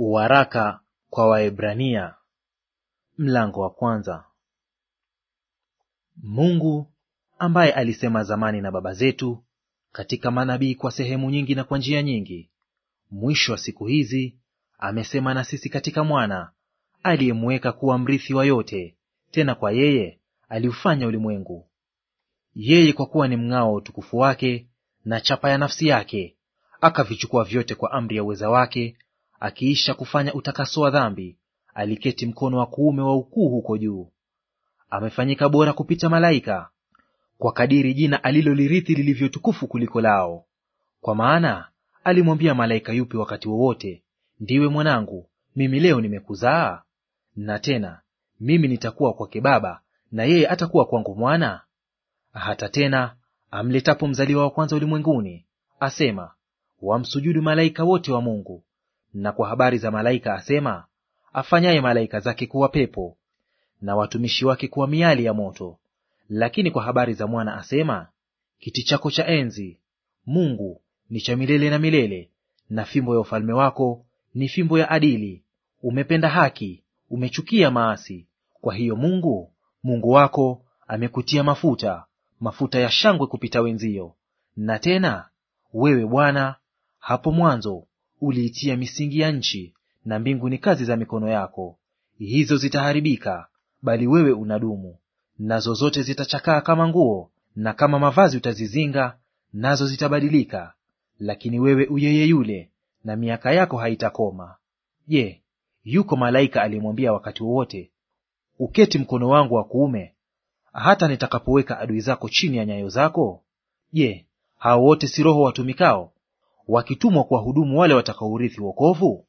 Uwaraka kwa Waebrania mlango wa kwanza. Mungu ambaye alisema zamani na baba zetu katika manabii kwa sehemu nyingi na kwa njia nyingi, mwisho wa siku hizi amesema na sisi katika mwana aliyemweka kuwa mrithi wa yote, tena kwa yeye aliufanya ulimwengu. Yeye kwa kuwa ni mng'ao wa utukufu wake na chapa ya nafsi yake, akavichukua vyote kwa amri ya uweza wake akiisha kufanya utakaso wa dhambi, aliketi mkono wa kuume wa ukuu huko juu. Amefanyika bora kupita malaika, kwa kadiri jina alilolirithi lilivyotukufu kuliko lao. Kwa maana alimwambia malaika yupi wakati wowote, ndiwe mwanangu, mimi leo nimekuzaa? Na tena mimi nitakuwa kwake baba, na yeye atakuwa kwangu mwana. Hata tena amletapo mzaliwa wa kwanza ulimwenguni, asema wamsujudu malaika wote wa Mungu na kwa habari za malaika asema, afanyaye malaika zake kuwa pepo na watumishi wake kuwa miali ya moto. Lakini kwa habari za mwana asema, kiti chako cha enzi Mungu ni cha milele na milele, na fimbo ya ufalme wako ni fimbo ya adili. Umependa haki, umechukia maasi. Kwa hiyo Mungu Mungu wako amekutia mafuta, mafuta ya shangwe kupita wenzio. Na tena wewe Bwana, hapo mwanzo uliitia misingi ya nchi, na mbingu ni kazi za mikono yako. Hizo zitaharibika, bali wewe unadumu; nazo zote zitachakaa kama nguo, na kama mavazi utazizinga, nazo zitabadilika. Lakini wewe uyeye yule, na miaka yako haitakoma. Je, yuko malaika aliyemwambia wakati wowote, uketi mkono wangu wa kuume hata nitakapoweka adui zako chini ya nyayo zako? Je, hao wote si roho watumikao wakitumwa kuwahudumu wale watakaourithi wokovu?